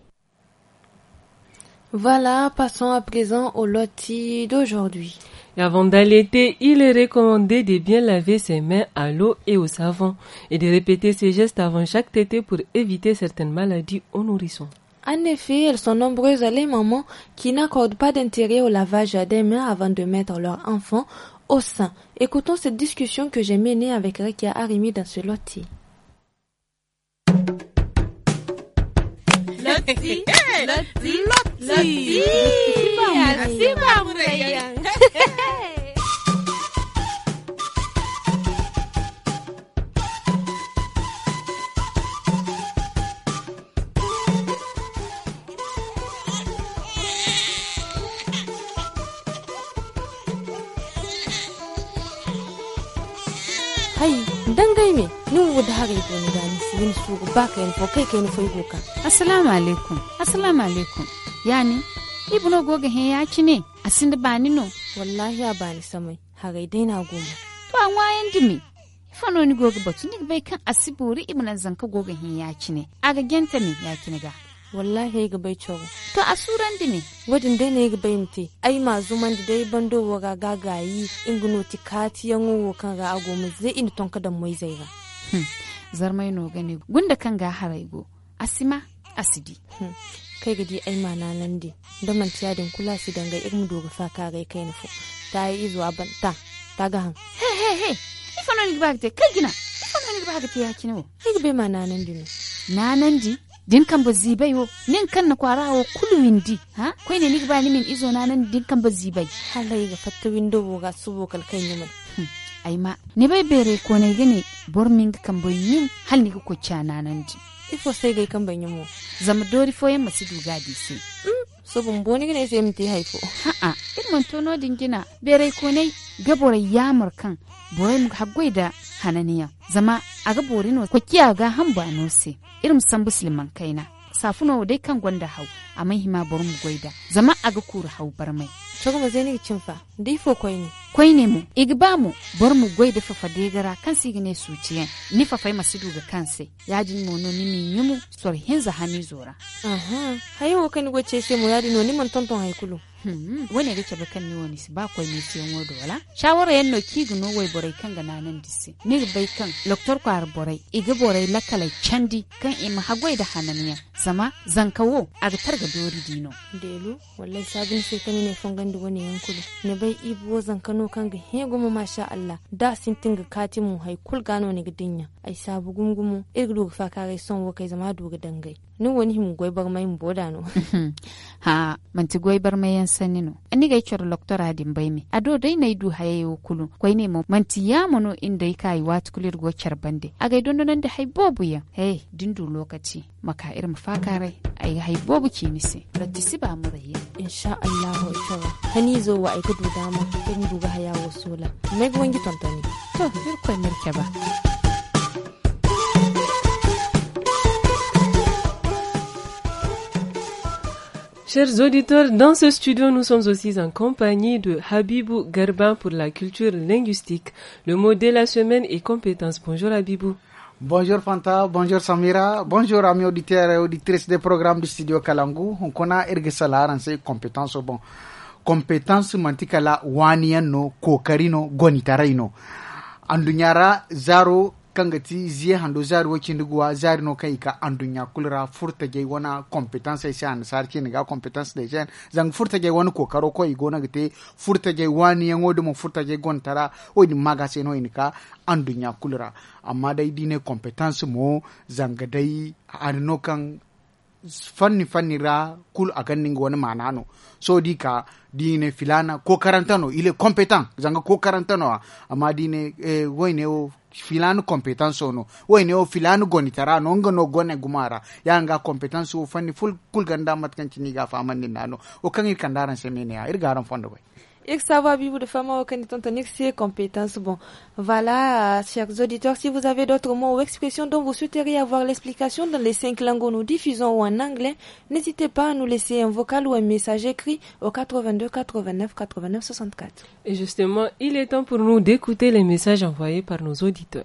Voilà, passons à présent au loti d'aujourd'hui. Avant d'allaiter, il est recommandé de bien laver ses mains à l'eau et au savon et de répéter ces gestes avant chaque tétée pour éviter certaines maladies aux nourrissons. En effet, elles sont nombreuses les mamans qui n'accordent pas d'intérêt au lavage des mains avant de mettre leur enfant au sein. Écoutons cette discussion que j'ai menée avec Rekia Arimi dans ce loti. Lottie, Lottie, Lottie, Lotzi, Lotzi, Lotzi, Lotzi, Lotzi, hay dangai me ni mu da haga yi ni gani su yin su ba ka yin fokai ka yin foyi goka assalamu alaikum assalamu alaikum yani ibno goga he ya ci ne a sin da bani no wallahi ya bani samai dai na goma to an wayan dimi fano ni goga batu tuni bai kan asibori na zanka goga he ya ci ne ga genta ne ya ga wallahi ga bai cewa to a suran ne wajen dai ne ga bayimti ai ma zuman da dai bando ga gagayi ingino tikati yan wo kan ga ago mu zai in ton da mai zai ga hmm. zarmai no gane gunda kan ga haraigo asima asidi hmm. kai ga di ai ma nan di da man tiya din kula si danga irin dogo fa ka ga kai nufu ta yi izo ban ta ta ga han he he he ifano ni ba ga kai gina ifano ni ba ga tiya kinu kai ga bai ma nan di ne nanan di din kan ba zibai wo nin kan na kwara wo kulu windi ha kai ne ni ba ni min izo na nan din kan ba zibai halai ga fatta windo bo ga subo kalkan yimin hmm, ai ma ne bai bere ko ne gane bor min kan ba yin hal ni ko na nan di ifo sai ga kan yin mu zama dori fo yan masu duga di sai mm, so bun bo ni gane sai mun ti haifo ha a in mun tono dingina bere ko ne gaborai yamur kan borai mu haggoi da hananiya zama aga borino ko kiyaga hamba se irin san musulman kaina safuno dai kan gwanda hau a mahima borin goida zama aga kura hau mai Sogoma zeni ki cimfa. Difo koi ne. Koi ne mu. Igba mu. bar mu gwai da fafa degara kan si su suciye. Ni fafai masu duga kanse. Yajin mono ni min Sori sor hami zora. Aha. Hayo kani ko goce mu ya no ni man tonton haikulu. Hmm. Wani ga cewa kan ni wani si ba koi ne se yan wodo wala. Shawara yan no ki wai borai kan na nan disi. Ni bai kan loktor kwar borai. Iga borai lakalai candi kan ima hagwai da hananiya. Sama zankawo a ga targa dori dino. Delu wallahi sai kan ne fanga. bandi wani yankulu na bai ibo zan kano kan ga he goma masha Allah da sin tinga kati mu hay kul gano ne gidinya ai sabu gumgumu irgu fa ka son wo kai zama doga dangai nin wani him goy bar mai boda no ha manti goy mai yan sani no ani ga chor doctor adin bai mi ado dai nayi du haye kulu koy ne mo manti ya mono inda kai wat kulir go char bande aga don don da hay bobu ya hey dindu lokaci maka irin fakare ai hay bobu ki ni se si ba mu raye insha Allah wa hani zo wa ai kudu dama dindu duba haya wa sola mai gwangi tontoni to bir koy ba Chers auditeurs, dans ce studio, nous sommes aussi en compagnie de Habibou Garba pour la culture linguistique. Le mot de la semaine est compétence. Bonjour Habibou. Bonjour Fanta, bonjour Samira, bonjour amis auditeurs et auditrices des programmes du studio Kalangu. On connaît Ergesala en ses compétences. Oh bon, compétences mantikala waniano kokarino gonitaraino. Andunyara zaro kanga ti zie hando zari wo kindiguwa zari no kai ka andunya kulra furta jai wana competence sai an sar kin ga competence de jen zang furta jai wana kokaro ko igona gite furta jai wani yango mo furta jai gontara o di maga sai no inka andunya kulra amma dai dine competence mo zanga dai arno kan fanni fanni ra kul a wana wani manano so di ka dine filana ko karantano ile competent zanga ko karantano amma dine eh, woine filanu compétence ono wayne o filan goni tarano onga no gone gumara yanga compétence o fanni ful kulganda mat kanci ni ga famandi nano o kangi kandaran semene ya irgaran fondo bay et savoir vivre de femme ses compétences. Bon, voilà, euh, chers auditeurs, si vous avez d'autres mots ou expressions dont vous souhaiteriez avoir l'explication dans les cinq langues où nous diffusons ou en anglais, n'hésitez pas à nous laisser un vocal ou un message écrit au 82 89 89 64. Et justement, il est temps pour nous d'écouter les messages envoyés par nos auditeurs.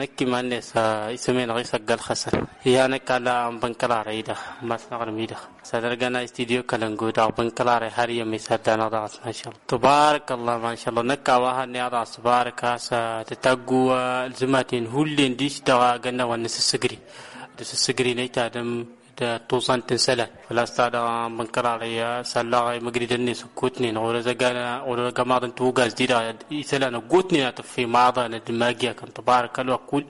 نكي مالي سا اسمين غيسا قال خسر يا نكا لا بنكلار ايدا ما سنغر ميدا سدرغنا استديو كلنغو دا بنكلار هاري مي سدانا دا ما شاء الله تبارك الله ما شاء الله نكا واها ني سبارك تبارك سا تتقوا الزماتين هولين ديش دا غنا ونسسغري دسسغري نيتا دم توصن تنسلا ولا استاد منكر عليا سلا دني سكوتني ولا زقانا ولا قمار انت وقاز ديدا يسلا نقوتني في معضا ندماجيا كم تبارك الله كل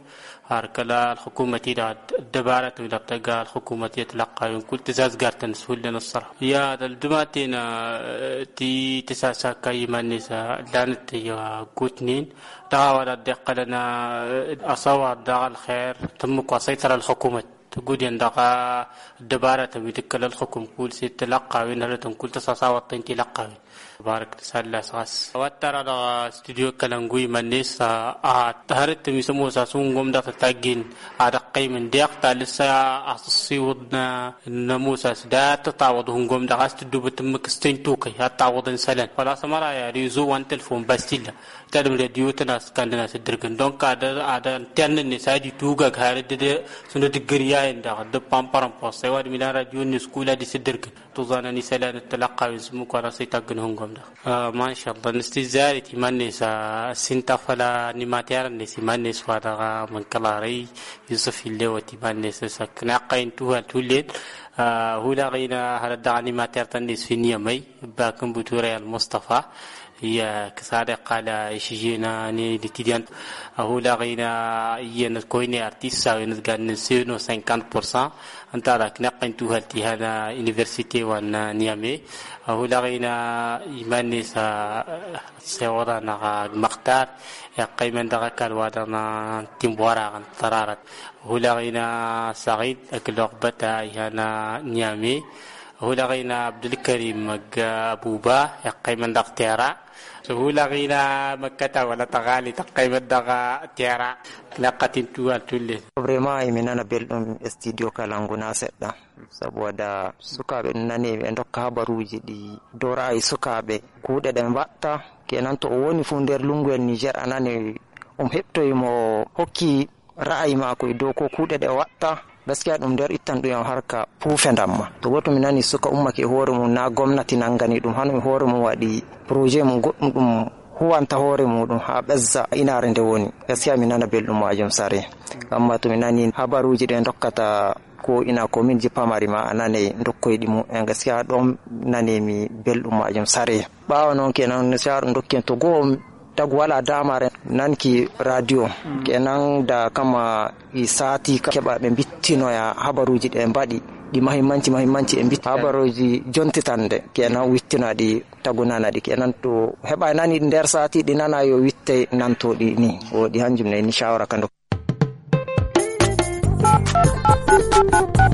هاركلا الحكومة إلى دبارة ولا تجا الحكومة يتلقى كل تزاز قرتن تنسول لنا الصراحة يا الدماتين تي تساسا ما نسا لانت يا قوتنين دعوة الدقة لنا أصوات دع الخير تم قصيتر الحكومة تقودين دقا الدبارة بيتكل الخكم كل ست لقاوين هلتن كل تصاصا وطين تلقاوين بارك تسال الله ساس واترى دقا استوديو كلانقوي منيس تهرت ميسمو ساسون قم دقا تاقين عدقي من ديق تالسا أصصي ودنا النموسى سدات تعوضهم قم دقا استدو بتمك ستين توقي هتعوضن سلن فلا سمرا يا ريزو وان تلفون باستيلا gadam radio tana skandina sidirgin donc ada ada tianne ni saidi tuga gare de de suno de giriya inda de pamparam posse wad milan radio ni skula di sidirgin to zana ni sala na talaqa ismu ko ra sai tagin hongom da ma sha Allah nisti zari ti manne sa sinta fala ni matiar ne si manne swa da man kalare yusuf illewati manne sa sakna qain tuha tulen هولا غينا هل دعني ما ترتني سفينيا مي باكم بتوري المصطفى هي كصادق على شجينا ني لتيديان هو غينا ين أرتيس ارتيسا ين غان سينو 50% انت راك نقنتو هالتي هنا يونيفرسيتي وان نيامي هو لاغينا يماني سا سيورا نا مختار قيمن دغا كالوادنا تيمبورا ترارت هو غينا سعيد اكلوغ بتا هنا نيامي هو لاغينا عبد الكريم ابو با قيمن دغ سهولة غينا مكة ولا تغالي تقيم الدغا تيارا لقتين توال تولي أبري ماي من أنا بيلدون استيديو كالانغو ناسد دا دا سكاب ناني بيندو كابروجي دي دوراي سكاب كودة دم باتا كينان تو ووني فوندير لونغو النيجر أناني أم هبتو يمو هوكي رأي ماكو يدوكو كودة دا واتا gaskiya ɗum nder ittan ɗum harka pufedam ma to goto mi nani suka ummake hoore mum na gomnati nangani ɗum hano mi hoore mum waɗi projet mum goɗɗum ɗum huwanta hoore muɗum ha ɓezza inare nde woni gaskiya mi nana belɗum majum sare amma to mi nani habaruji ɗe dokkata ko ina komin ji pamari ma a nane dokkoyɗi mum en gaskiya ɗon nanemi belɗum majum sare ɓawa noon kenan sa ɗum dokken to goo dagwala wala damare nan ki radio mm. kenan da kama sati keɓa ɓe bittinoya habaruji ɗe mbaɗi ɗi mahimmanci mahimmanci e bitti habaruji jontitande kenan wittinaɗi tagunanaɗi kenan to heɓa nani nder sati ɗi nana yo witte nantoɗi ni woɗi hanjum ne ni shawara kando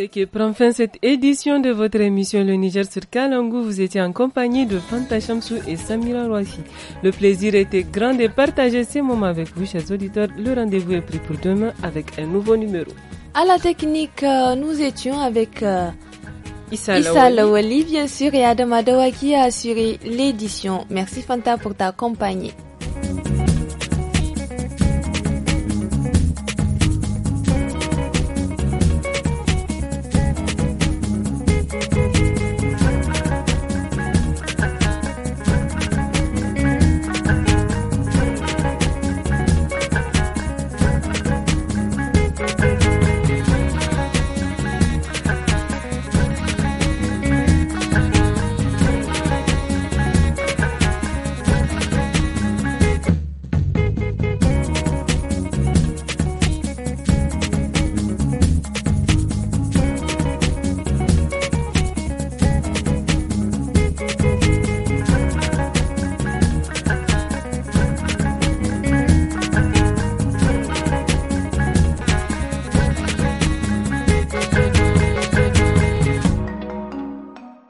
ce qui prend fin cette édition de votre émission Le Niger sur Kalangu. Vous étiez en compagnie de Fanta Chamsou et Samira Rouafi. Le plaisir était grand de partager ces moments avec vous, chers auditeurs. Le rendez-vous est pris pour demain avec un nouveau numéro. À la technique, euh, nous étions avec euh, Issa, Issa bien sûr, et Adam qui a assuré l'édition. Merci Fanta pour ta compagnie.